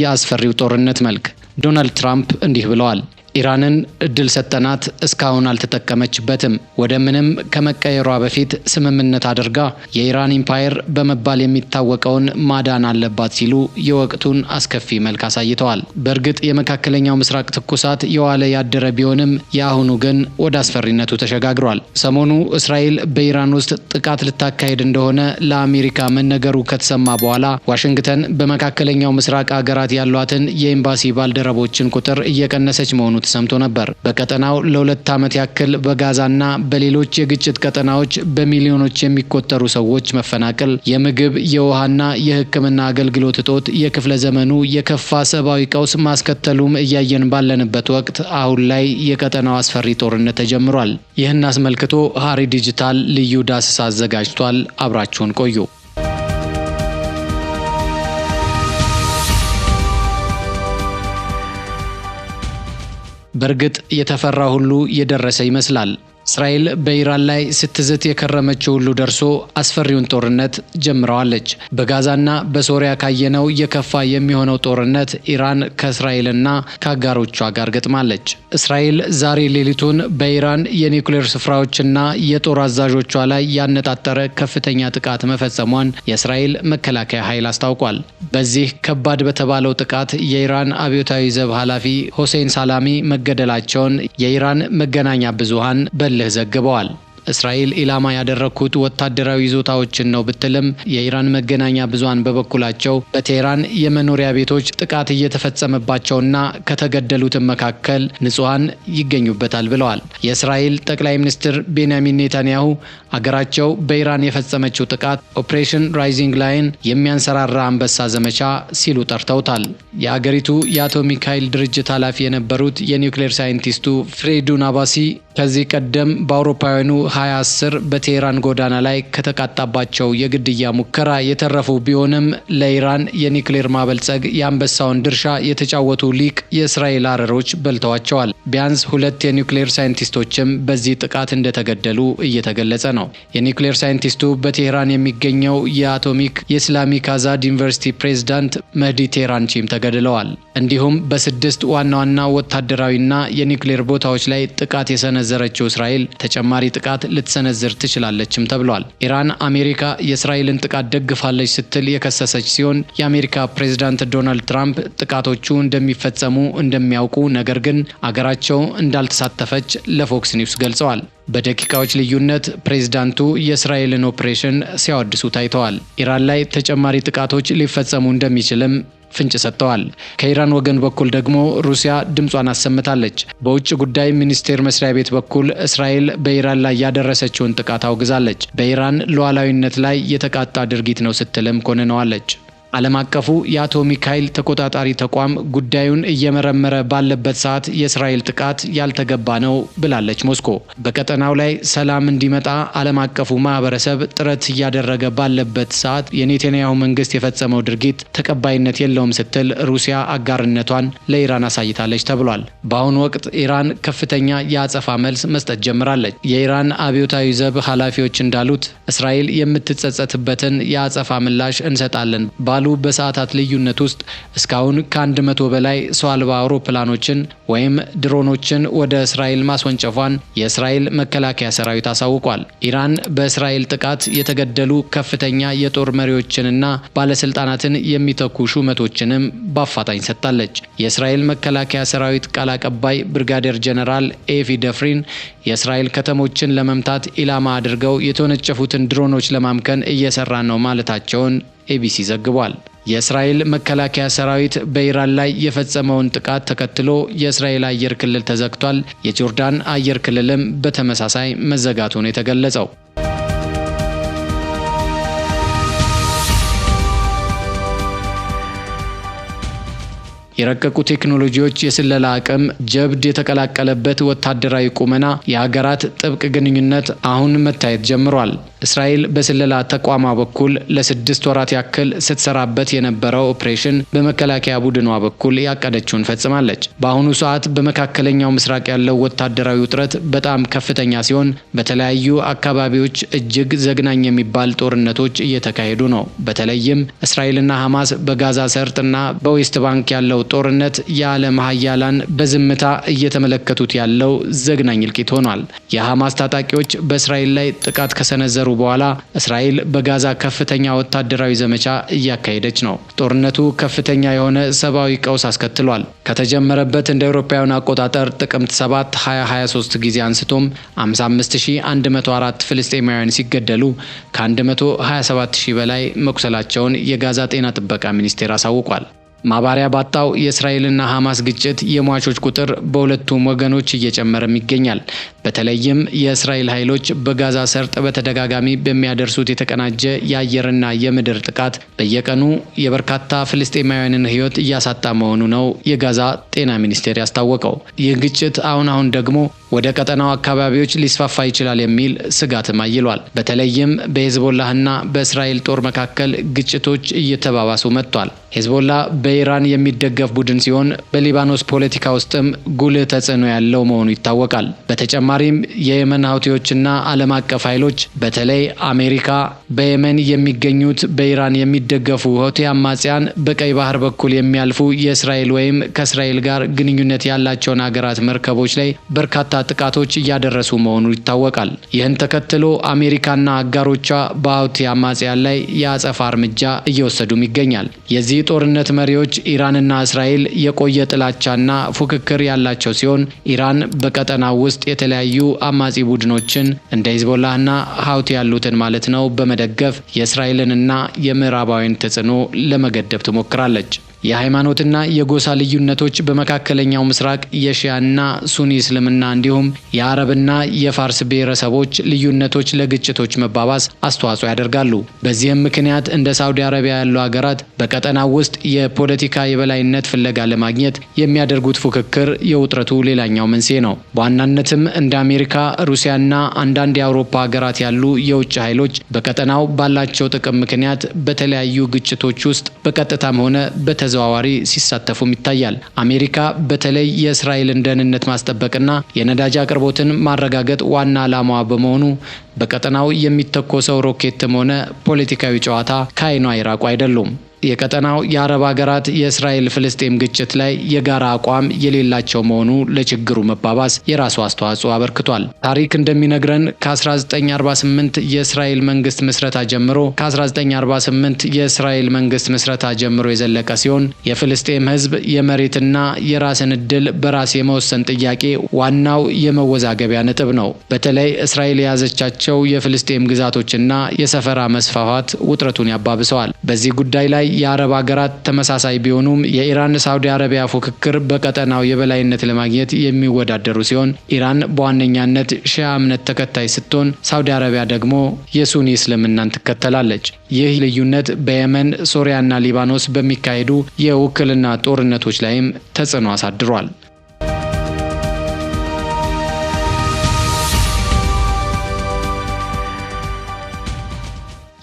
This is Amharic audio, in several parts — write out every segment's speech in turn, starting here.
የአስፈሪው ጦርነት መልክ ዶናልድ ትራምፕ እንዲህ ብለዋል። ኢራንን እድል ሰጠናት፣ እስካሁን አልተጠቀመችበትም። ወደ ምንም ከመቀየሯ በፊት ስምምነት አድርጋ የኢራን ኢምፓየር በመባል የሚታወቀውን ማዳን አለባት ሲሉ የወቅቱን አስከፊ መልክ አሳይተዋል። በእርግጥ የመካከለኛው ምስራቅ ትኩሳት የዋለ ያደረ ቢሆንም የአሁኑ ግን ወደ አስፈሪነቱ ተሸጋግሯል። ሰሞኑ እስራኤል በኢራን ውስጥ ጥቃት ልታካሄድ እንደሆነ ለአሜሪካ መነገሩ ከተሰማ በኋላ ዋሽንግተን በመካከለኛው ምስራቅ ሀገራት ያሏትን የኤምባሲ ባልደረቦችን ቁጥር እየቀነሰች መሆኑ ተሰምቶ ነበር። በቀጠናው ለሁለት ዓመት ያክል በጋዛና በሌሎች የግጭት ቀጠናዎች በሚሊዮኖች የሚቆጠሩ ሰዎች መፈናቀል፣ የምግብ የውሃና የሕክምና አገልግሎት እጦት የክፍለ ዘመኑ የከፋ ሰብአዊ ቀውስ ማስከተሉም እያየን ባለንበት ወቅት አሁን ላይ የቀጠናው አስፈሪ ጦርነት ተጀምሯል። ይህን አስመልክቶ ሀሪ ዲጂታል ልዩ ዳስሳ አዘጋጅቷል። አብራችሁን ቆዩ። በእርግጥ የተፈራ ሁሉ የደረሰ ይመስላል። እስራኤል በኢራን ላይ ስትዝት የከረመችው ሁሉ ደርሶ አስፈሪውን ጦርነት ጀምረዋለች። በጋዛና በሶሪያ ካየነው የከፋ የሚሆነው ጦርነት ኢራን ከእስራኤልና ከአጋሮቿ ጋር ገጥማለች። እስራኤል ዛሬ ሌሊቱን በኢራን የኒውክሌር ስፍራዎችና የጦር አዛዦቿ ላይ ያነጣጠረ ከፍተኛ ጥቃት መፈጸሟን የእስራኤል መከላከያ ኃይል አስታውቋል። በዚህ ከባድ በተባለው ጥቃት የኢራን አብዮታዊ ዘብ ኃላፊ ሆሴን ሳላሚ መገደላቸውን የኢራን መገናኛ ብዙሃን በ እንደሚፈልህ ዘግበዋል። እስራኤል ኢላማ ያደረግኩት ወታደራዊ ይዞታዎችን ነው ብትልም የኢራን መገናኛ ብዙሃን በበኩላቸው በቴህራን የመኖሪያ ቤቶች ጥቃት እየተፈጸመባቸውና ከተገደሉትም መካከል ንጹሐን ይገኙበታል ብለዋል። የእስራኤል ጠቅላይ ሚኒስትር ቤንያሚን ኔታንያሁ አገራቸው በኢራን የፈጸመችው ጥቃት ኦፕሬሽን ራይዚንግ ላይን የሚያንሰራራ አንበሳ ዘመቻ ሲሉ ጠርተውታል። የአገሪቱ የአቶሚክ ኃይል ድርጅት ኃላፊ የነበሩት የኒውክሌር ሳይንቲስቱ ፍሬዱን አባሲ ከዚህ ቀደም በአውሮፓውያኑ 2010 በቴህራን ጎዳና ላይ ከተቃጣባቸው የግድያ ሙከራ የተረፉ ቢሆንም ለኢራን የኒክሌር ማበልጸግ የአንበሳውን ድርሻ የተጫወቱ ሊቅ የእስራኤል አረሮች በልተዋቸዋል። ቢያንስ ሁለት የኒክሌር ሳይንቲስቶችም በዚህ ጥቃት እንደተገደሉ እየተገለጸ ነው። የኒክሌር ሳይንቲስቱ በቴህራን የሚገኘው የአቶሚክ የእስላሚክ አዛድ ዩኒቨርሲቲ ፕሬዝዳንት መህዲ ቴህራንቺም ተገድለዋል። እንዲሁም በስድስት ዋና ዋና ወታደራዊና የኒክሌር ቦታዎች ላይ ጥቃት የሰነዘረችው እስራኤል ተጨማሪ ጥቃት ጥቃት ልትሰነዝር ትችላለችም ተብሏል። ኢራን አሜሪካ የእስራኤልን ጥቃት ደግፋለች ስትል የከሰሰች ሲሆን የአሜሪካ ፕሬዝዳንት ዶናልድ ትራምፕ ጥቃቶቹ እንደሚፈጸሙ እንደሚያውቁ ነገር ግን አገራቸው እንዳልተሳተፈች ለፎክስ ኒውስ ገልጸዋል። በደቂቃዎች ልዩነት ፕሬዝዳንቱ የእስራኤልን ኦፕሬሽን ሲያወድሱ ታይተዋል። ኢራን ላይ ተጨማሪ ጥቃቶች ሊፈጸሙ እንደሚችልም ፍንጭ ሰጥተዋል። ከኢራን ወገን በኩል ደግሞ ሩሲያ ድምጿን አሰምታለች። በውጭ ጉዳይ ሚኒስቴር መስሪያ ቤት በኩል እስራኤል በኢራን ላይ ያደረሰችውን ጥቃት አውግዛለች። በኢራን ሉዓላዊነት ላይ የተቃጣ ድርጊት ነው ስትልም ኮንነዋለች። ዓለም አቀፉ የአቶሚክ ኃይል ተቆጣጣሪ ተቋም ጉዳዩን እየመረመረ ባለበት ሰዓት የእስራኤል ጥቃት ያልተገባ ነው ብላለች ሞስኮ። በቀጠናው ላይ ሰላም እንዲመጣ ዓለም አቀፉ ማህበረሰብ ጥረት እያደረገ ባለበት ሰዓት የኔታንያሁ መንግስት የፈጸመው ድርጊት ተቀባይነት የለውም ስትል ሩሲያ አጋርነቷን ለኢራን አሳይታለች ተብሏል። በአሁኑ ወቅት ኢራን ከፍተኛ የአጸፋ መልስ መስጠት ጀምራለች። የኢራን አብዮታዊ ዘብ ኃላፊዎች እንዳሉት እስራኤል የምትጸጸትበትን የአጸፋ ምላሽ እንሰጣለን በቀላሉ በሰዓታት ልዩነት ውስጥ እስካሁን ከአንድ መቶ በላይ ሰው አልባ አውሮፕላኖችን ወይም ድሮኖችን ወደ እስራኤል ማስወንጨፏን የእስራኤል መከላከያ ሰራዊት አሳውቋል። ኢራን በእስራኤል ጥቃት የተገደሉ ከፍተኛ የጦር መሪዎችንና ባለስልጣናትን የሚተኩ ሹመቶችንም በአፋጣኝ ሰጥታለች። የእስራኤል መከላከያ ሰራዊት ቃል አቀባይ ብርጋዴር ጀነራል ኤፊ ደፍሪን የእስራኤል ከተሞችን ለመምታት ኢላማ አድርገው የተወነጨፉትን ድሮኖች ለማምከን እየሰራ ነው ማለታቸውን ኤቢሲ ዘግቧል። የእስራኤል መከላከያ ሰራዊት በኢራን ላይ የፈጸመውን ጥቃት ተከትሎ የእስራኤል አየር ክልል ተዘግቷል። የጆርዳን አየር ክልልም በተመሳሳይ መዘጋቱን የተገለጸው የረቀቁ ቴክኖሎጂዎች የስለላ አቅም፣ ጀብድ የተቀላቀለበት ወታደራዊ ቁመና፣ የሀገራት ጥብቅ ግንኙነት አሁን መታየት ጀምሯል። እስራኤል በስለላ ተቋሟ በኩል ለስድስት ወራት ያክል ስትሰራበት የነበረው ኦፕሬሽን በመከላከያ ቡድኗ በኩል ያቀደችውን ፈጽማለች። በአሁኑ ሰዓት በመካከለኛው ምስራቅ ያለው ወታደራዊ ውጥረት በጣም ከፍተኛ ሲሆን በተለያዩ አካባቢዎች እጅግ ዘግናኝ የሚባል ጦርነቶች እየተካሄዱ ነው። በተለይም እስራኤልና ሐማስ በጋዛ ሰርጥና በዌስት ባንክ ያለው ጦርነት የዓለም ሀያላን በዝምታ እየተመለከቱት ያለው ዘግናኝ እልቂት ሆኗል። የሐማስ ታጣቂዎች በእስራኤል ላይ ጥቃት ከሰነዘሩ በኋላ እስራኤል በጋዛ ከፍተኛ ወታደራዊ ዘመቻ እያካሄደች ነው። ጦርነቱ ከፍተኛ የሆነ ሰብአዊ ቀውስ አስከትሏል። ከተጀመረበት እንደ አውሮፓውያን አቆጣጠር ጥቅምት 7 2023 ጊዜ አንስቶም 55104 ፍልስጤማውያን ሲገደሉ ከ127000 በላይ መቁሰላቸውን የጋዛ ጤና ጥበቃ ሚኒስቴር አሳውቋል። ማባሪያ ባጣው የእስራኤልና ሐማስ ግጭት የሟቾች ቁጥር በሁለቱም ወገኖች እየጨመረም ይገኛል። በተለይም የእስራኤል ኃይሎች በጋዛ ሰርጥ በተደጋጋሚ በሚያደርሱት የተቀናጀ የአየርና የምድር ጥቃት በየቀኑ የበርካታ ፍልስጤማውያንን ሕይወት እያሳጣ መሆኑ ነው የጋዛ ጤና ሚኒስቴር ያስታወቀው። ይህ ግጭት አሁን አሁን ደግሞ ወደ ቀጠናው አካባቢዎች ሊስፋፋ ይችላል የሚል ስጋትም አይሏል። በተለይም በሄዝቦላህና በእስራኤል ጦር መካከል ግጭቶች እየተባባሱ መጥቷል። ሄዝቦላ በ በኢራን የሚደገፍ ቡድን ሲሆን በሊባኖስ ፖለቲካ ውስጥም ጉልህ ተጽዕኖ ያለው መሆኑ ይታወቃል። በተጨማሪም የየመን ሀውቲዎችና ዓለም አቀፍ ኃይሎች በተለይ አሜሪካ በየመን የሚገኙት በኢራን የሚደገፉ ሆቴ አማጽያን በቀይ ባህር በኩል የሚያልፉ የእስራኤል ወይም ከእስራኤል ጋር ግንኙነት ያላቸውን ሀገራት መርከቦች ላይ በርካታ ጥቃቶች እያደረሱ መሆኑ ይታወቃል። ይህን ተከትሎ አሜሪካና አጋሮቿ በሀውቲ አማጽያን ላይ የአጸፋ እርምጃ እየወሰዱም ይገኛል። የዚህ ጦርነት መሪዎች መሪዎች ኢራንና እስራኤል የቆየ ጥላቻና ፉክክር ያላቸው ሲሆን ኢራን በቀጠናው ውስጥ የተለያዩ አማጺ ቡድኖችን እንደ ሂዝቦላህና ሀውቲ ያሉትን ማለት ነው በመደገፍ የእስራኤልንና የምዕራባዊን ተጽዕኖ ለመገደብ ትሞክራለች። የሃይማኖትና የጎሳ ልዩነቶች በመካከለኛው ምስራቅ የሺያና ሱኒ እስልምና እንዲሁም የአረብና የፋርስ ብሔረሰቦች ልዩነቶች ለግጭቶች መባባስ አስተዋጽኦ ያደርጋሉ። በዚህም ምክንያት እንደ ሳውዲ አረቢያ ያሉ ሀገራት በቀጠናው ውስጥ የፖለቲካ የበላይነት ፍለጋ ለማግኘት የሚያደርጉት ፉክክር የውጥረቱ ሌላኛው መንስኤ ነው። በዋናነትም እንደ አሜሪካ፣ ሩሲያና አንዳንድ የአውሮፓ ሀገራት ያሉ የውጭ ኃይሎች በቀጠናው ባላቸው ጥቅም ምክንያት በተለያዩ ግጭቶች ውስጥ በቀጥታም ሆነ በተ በተዘዋዋሪ ሲሳተፉም ይታያል። አሜሪካ በተለይ የእስራኤልን ደህንነት ማስጠበቅና የነዳጅ አቅርቦትን ማረጋገጥ ዋና ዓላማዋ በመሆኑ በቀጠናው የሚተኮሰው ሮኬትም ሆነ ፖለቲካዊ ጨዋታ ከዓይኗ ይራቁ አይደሉም። የቀጠናው የአረብ ሀገራት የእስራኤል ፍልስጤም ግጭት ላይ የጋራ አቋም የሌላቸው መሆኑ ለችግሩ መባባስ የራሱ አስተዋጽኦ አበርክቷል። ታሪክ እንደሚነግረን ከ1948 የእስራኤል መንግስት ምስረታ ጀምሮ ከ1948 የእስራኤል መንግስት ምስረታ ጀምሮ የዘለቀ ሲሆን የፍልስጤም ህዝብ የመሬትና የራስን እድል በራስ የመወሰን ጥያቄ ዋናው የመወዛገቢያ ነጥብ ነው። በተለይ እስራኤል የያዘቻቸው የፍልስጤም ግዛቶችና የሰፈራ መስፋፋት ውጥረቱን ያባብሰዋል። በዚህ ጉዳይ ላይ የአረብ ሀገራት ተመሳሳይ ቢሆኑም የኢራን ሳውዲ አረቢያ ፉክክር በቀጠናው የበላይነት ለማግኘት የሚወዳደሩ ሲሆን ኢራን በዋነኛነት ሺያ እምነት ተከታይ ስትሆን ሳውዲ አረቢያ ደግሞ የሱኒ እስልምናን ትከተላለች። ይህ ልዩነት በየመን ሶሪያና ሊባኖስ በሚካሄዱ የውክልና ጦርነቶች ላይም ተጽዕኖ አሳድሯል።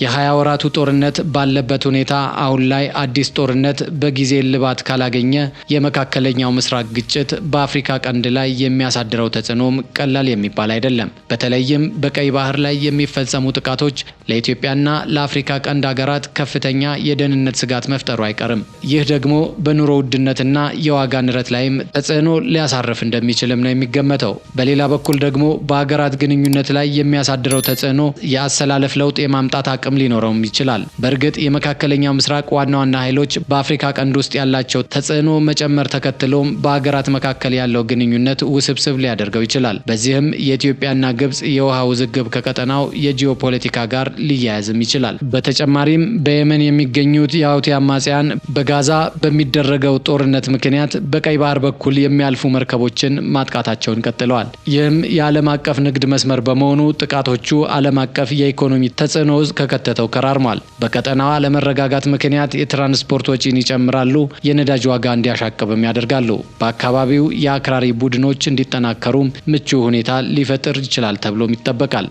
የሀያ ወራቱ ጦርነት ባለበት ሁኔታ አሁን ላይ አዲስ ጦርነት በጊዜ እልባት ካላገኘ የመካከለኛው ምስራቅ ግጭት በአፍሪካ ቀንድ ላይ የሚያሳድረው ተጽዕኖም ቀላል የሚባል አይደለም። በተለይም በቀይ ባህር ላይ የሚፈጸሙ ጥቃቶች ለኢትዮጵያና ለአፍሪካ ቀንድ ሀገራት ከፍተኛ የደህንነት ስጋት መፍጠሩ አይቀርም። ይህ ደግሞ በኑሮ ውድነትና የዋጋ ንረት ላይም ተጽዕኖ ሊያሳርፍ እንደሚችልም ነው የሚገመተው። በሌላ በኩል ደግሞ በሀገራት ግንኙነት ላይ የሚያሳድረው ተጽዕኖ የአሰላለፍ ለውጥ የማምጣት አቅም ሊኖረውም ይችላል። በእርግጥ የመካከለኛው ምስራቅ ዋና ዋና ኃይሎች በአፍሪካ ቀንድ ውስጥ ያላቸው ተጽዕኖ መጨመር ተከትሎም በሀገራት መካከል ያለው ግንኙነት ውስብስብ ሊያደርገው ይችላል። በዚህም የኢትዮጵያና ግብጽ የውሃ ውዝግብ ከቀጠናው የጂኦፖለቲካ ጋር ሊያያዝም ይችላል። በተጨማሪም በየመን የሚገኙት የሀውቲ አማጽያን በጋዛ በሚደረገው ጦርነት ምክንያት በቀይ ባህር በኩል የሚያልፉ መርከቦችን ማጥቃታቸውን ቀጥለዋል። ይህም የዓለም አቀፍ ንግድ መስመር በመሆኑ ጥቃቶቹ ዓለም አቀፍ የኢኮኖሚ ተጽዕኖ ውስጥ ከከተተው ከራርሟል። በቀጠናዋ አለመረጋጋት ምክንያት የትራንስፖርት ወጪን ይጨምራሉ፣ የነዳጅ ዋጋ እንዲያሻቅብም ያደርጋሉ። በአካባቢው የአክራሪ ቡድኖች እንዲጠናከሩም ምቹ ሁኔታ ሊፈጥር ይችላል ተብሎም ይጠበቃል።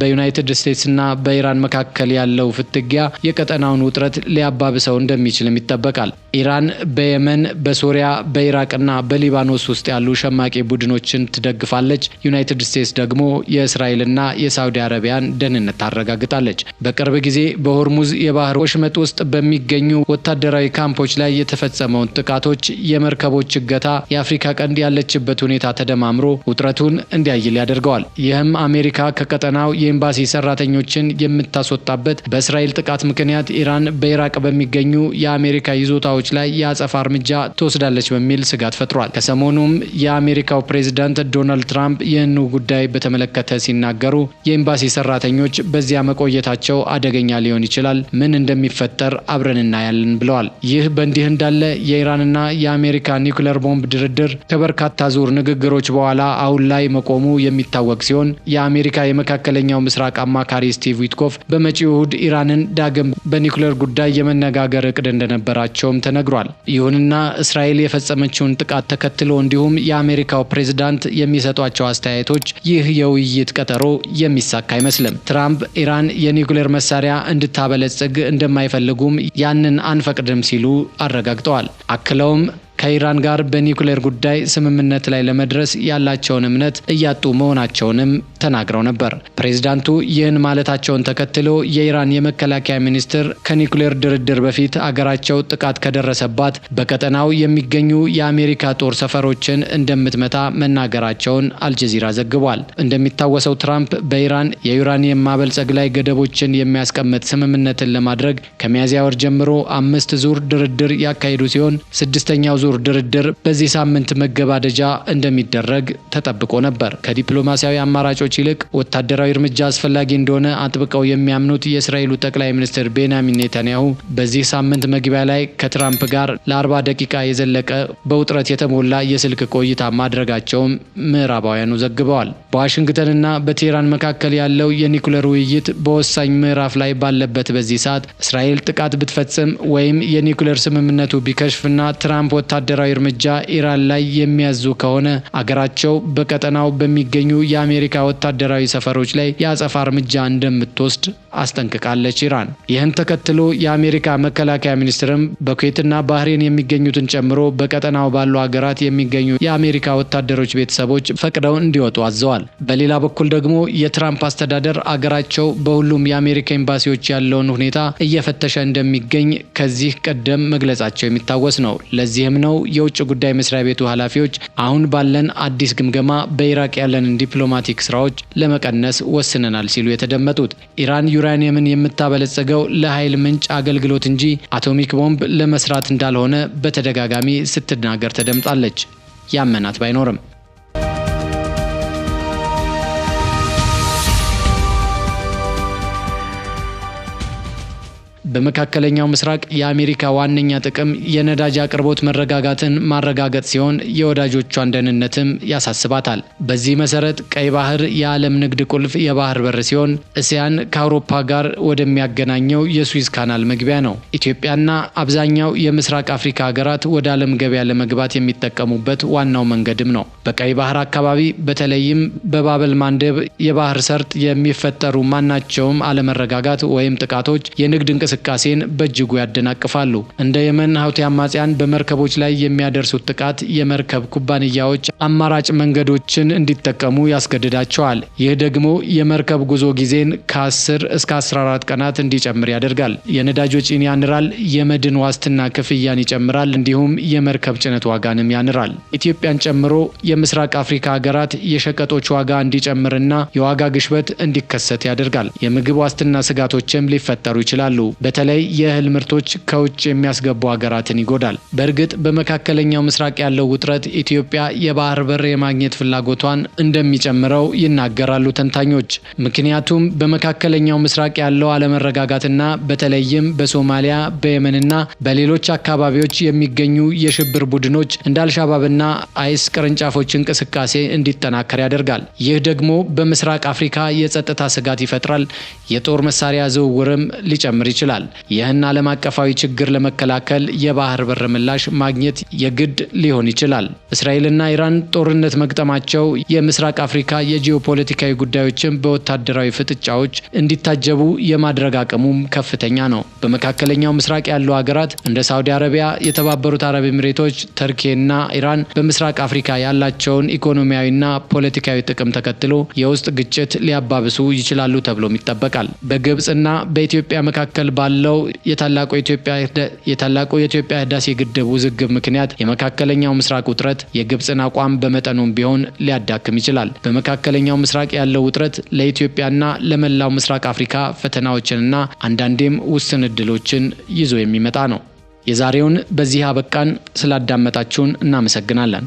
በዩናይትድ ስቴትስና በኢራን መካከል ያለው ፍትጊያ የቀጠናውን ውጥረት ሊያባብሰው እንደሚችልም ይጠበቃል። ኢራን በየመን በሶሪያ በኢራቅና በሊባኖስ ውስጥ ያሉ ሸማቂ ቡድኖችን ትደግፋለች። ዩናይትድ ስቴትስ ደግሞ የእስራኤልና የሳውዲ አረቢያን ደህንነት ታረጋግጣለች። በቅርብ ጊዜ በሆርሙዝ የባህር ወሽመጥ ውስጥ በሚገኙ ወታደራዊ ካምፖች ላይ የተፈጸመውን ጥቃቶች፣ የመርከቦች እገታ፣ የአፍሪካ ቀንድ ያለችበት ሁኔታ ተደማምሮ ውጥረቱን እንዲያይል ያደርገዋል። ይህም አሜሪካ ከቀጠናው የኤምባሲ ሰራተኞችን የምታስወጣበት፣ በእስራኤል ጥቃት ምክንያት ኢራን በኢራቅ በሚገኙ የአሜሪካ ይዞታዎች ተቃዋሚዎች ላይ የአጸፋ እርምጃ ትወስዳለች በሚል ስጋት ፈጥሯል። ከሰሞኑም የአሜሪካው ፕሬዝዳንት ዶናልድ ትራምፕ ይህንኑ ጉዳይ በተመለከተ ሲናገሩ የኤምባሲ ሰራተኞች በዚያ መቆየታቸው አደገኛ ሊሆን ይችላል፣ ምን እንደሚፈጠር አብረን እናያለን ብለዋል። ይህ በእንዲህ እንዳለ የኢራንና የአሜሪካ ኒውክለር ቦምብ ድርድር ከበርካታ ዙር ንግግሮች በኋላ አሁን ላይ መቆሙ የሚታወቅ ሲሆን የአሜሪካ የመካከለኛው ምስራቅ አማካሪ ስቲቭ ዊትኮፍ በመጪው እሁድ ኢራንን ዳግም በኒውክለር ጉዳይ የመነጋገር እቅድ እንደነበራቸውም ተነግሯል። ይሁንና እስራኤል የፈጸመችውን ጥቃት ተከትሎ እንዲሁም የአሜሪካው ፕሬዝዳንት የሚሰጧቸው አስተያየቶች ይህ የውይይት ቀጠሮ የሚሳካ አይመስልም። ትራምፕ ኢራን የኒውክሌር መሳሪያ እንድታበለጽግ እንደማይፈልጉም ያንን አንፈቅድም ሲሉ አረጋግጠዋል። አክለውም ከኢራን ጋር በኒውክሌር ጉዳይ ስምምነት ላይ ለመድረስ ያላቸውን እምነት እያጡ መሆናቸውንም ተናግረው ነበር። ፕሬዚዳንቱ ይህን ማለታቸውን ተከትሎ የኢራን የመከላከያ ሚኒስትር ከኒውክሌር ድርድር በፊት አገራቸው ጥቃት ከደረሰባት በቀጠናው የሚገኙ የአሜሪካ ጦር ሰፈሮችን እንደምትመታ መናገራቸውን አልጀዚራ ዘግቧል። እንደሚታወሰው ትራምፕ በኢራን የዩራኒየም ማበልጸግ ላይ ገደቦችን የሚያስቀምጥ ስምምነትን ለማድረግ ከሚያዝያ ወር ጀምሮ አምስት ዙር ድርድር ያካሄዱ ሲሆን ስድስተኛው ዙር ድርድር በዚህ ሳምንት መገባደጃ እንደሚደረግ ተጠብቆ ነበር። ከዲፕሎማሲያዊ አማራጮች ይልቅ ወታደራዊ እርምጃ አስፈላጊ እንደሆነ አጥብቀው የሚያምኑት የእስራኤሉ ጠቅላይ ሚኒስትር ቤንያሚን ኔታንያሁ በዚህ ሳምንት መግቢያ ላይ ከትራምፕ ጋር ለአርባ ደቂቃ የዘለቀ በውጥረት የተሞላ የስልክ ቆይታ ማድረጋቸውም ምዕራባውያኑ ዘግበዋል። በዋሽንግተንና በቴህራን መካከል ያለው የኒኩለር ውይይት በወሳኝ ምዕራፍ ላይ ባለበት በዚህ ሰዓት እስራኤል ጥቃት ብትፈጽም ወይም የኒኩለር ስምምነቱ ቢከሽፍና ትራምፕ ወታ ወታደራዊ እርምጃ ኢራን ላይ የሚያዙ ከሆነ አገራቸው በቀጠናው በሚገኙ የአሜሪካ ወታደራዊ ሰፈሮች ላይ የአጸፋ እርምጃ እንደምትወስድ አስጠንቅቃለች ኢራን። ይህን ተከትሎ የአሜሪካ መከላከያ ሚኒስትርም በኩዌትና ባህሬን የሚገኙትን ጨምሮ በቀጠናው ባሉ ሀገራት የሚገኙ የአሜሪካ ወታደሮች ቤተሰቦች ፈቅደው እንዲወጡ አዘዋል። በሌላ በኩል ደግሞ የትራምፕ አስተዳደር አገራቸው በሁሉም የአሜሪካ ኤምባሲዎች ያለውን ሁኔታ እየፈተሸ እንደሚገኝ ከዚህ ቀደም መግለጻቸው የሚታወስ ነው። ለዚህም ነው ነው የውጭ ጉዳይ መስሪያ ቤቱ ኃላፊዎች አሁን ባለን አዲስ ግምገማ በኢራቅ ያለንን ዲፕሎማቲክ ስራዎች ለመቀነስ ወስነናል ሲሉ የተደመጡት። ኢራን ዩራኒየምን የምታበለጸገው ለኃይል ምንጭ አገልግሎት እንጂ አቶሚክ ቦምብ ለመስራት እንዳልሆነ በተደጋጋሚ ስትናገር ተደምጣለች። ያመናት ባይኖርም በመካከለኛው ምስራቅ የአሜሪካ ዋነኛ ጥቅም የነዳጅ አቅርቦት መረጋጋትን ማረጋገጥ ሲሆን የወዳጆቿን ደህንነትም ያሳስባታል። በዚህ መሰረት ቀይ ባህር የዓለም ንግድ ቁልፍ የባህር በር ሲሆን እስያን ከአውሮፓ ጋር ወደሚያገናኘው የስዊዝ ካናል መግቢያ ነው። ኢትዮጵያና አብዛኛው የምስራቅ አፍሪካ ሀገራት ወደ ዓለም ገበያ ለመግባት የሚጠቀሙበት ዋናው መንገድም ነው። በቀይ ባህር አካባቢ በተለይም በባበል ማንደብ የባህር ሰርጥ የሚፈጠሩ ማናቸውም አለመረጋጋት ወይም ጥቃቶች የንግድ እንቅስቃሴ እንቅስቃሴን በእጅጉ ያደናቅፋሉ። እንደ የመን ሀውቲ አማጽያን በመርከቦች ላይ የሚያደርሱት ጥቃት የመርከብ ኩባንያዎች አማራጭ መንገዶችን እንዲጠቀሙ ያስገድዳቸዋል። ይህ ደግሞ የመርከብ ጉዞ ጊዜን ከ10 እስከ 14 ቀናት እንዲጨምር ያደርጋል። የነዳጅ ወጪን ያንራል። የመድን ዋስትና ክፍያን ይጨምራል። እንዲሁም የመርከብ ጭነት ዋጋንም ያንራል። ኢትዮጵያን ጨምሮ የምስራቅ አፍሪካ ሀገራት የሸቀጦች ዋጋ እንዲጨምርና የዋጋ ግሽበት እንዲከሰት ያደርጋል። የምግብ ዋስትና ስጋቶችም ሊፈጠሩ ይችላሉ። በተለይ የእህል ምርቶች ከውጭ የሚያስገቡ ሀገራትን ይጎዳል። በእርግጥ በመካከለኛው ምስራቅ ያለው ውጥረት ኢትዮጵያ የባህር በር የማግኘት ፍላጎቷን እንደሚጨምረው ይናገራሉ ተንታኞች። ምክንያቱም በመካከለኛው ምስራቅ ያለው አለመረጋጋትና በተለይም በሶማሊያ በየመንና በሌሎች አካባቢዎች የሚገኙ የሽብር ቡድኖች እንደ አልሻባብና አይስ ቅርንጫፎች እንቅስቃሴ እንዲጠናከር ያደርጋል። ይህ ደግሞ በምስራቅ አፍሪካ የጸጥታ ስጋት ይፈጥራል። የጦር መሳሪያ ዝውውርም ሊጨምር ይችላል። ይላል። ይህን ዓለም አቀፋዊ ችግር ለመከላከል የባህር በር ምላሽ ማግኘት የግድ ሊሆን ይችላል። እስራኤልና ኢራን ጦርነት መግጠማቸው የምስራቅ አፍሪካ የጂኦፖለቲካዊ ጉዳዮችን በወታደራዊ ፍጥጫዎች እንዲታጀቡ የማድረግ አቅሙም ከፍተኛ ነው። በመካከለኛው ምስራቅ ያሉ ሀገራት እንደ ሳውዲ አረቢያ፣ የተባበሩት አረብ ኤምሬቶች፣ ተርኬና ኢራን በምስራቅ አፍሪካ ያላቸውን ኢኮኖሚያዊና ፖለቲካዊ ጥቅም ተከትሎ የውስጥ ግጭት ሊያባብሱ ይችላሉ ተብሎም ይጠበቃል። በግብፅና በኢትዮጵያ መካከል ባለው የታላቁ የኢትዮጵያ ህዳሴ ግድብ ውዝግብ ምክንያት የመካከለኛው ምስራቅ ውጥረት የግብፅን አቋም በመጠኑም ቢሆን ሊያዳክም ይችላል። በመካከለኛው ምስራቅ ያለው ውጥረት ለኢትዮጵያና ለመላው ምስራቅ አፍሪካ ፈተናዎችንና አንዳንዴም ውስን እድሎችን ይዞ የሚመጣ ነው። የዛሬውን በዚህ አበቃን። ስላዳመጣችሁን እናመሰግናለን።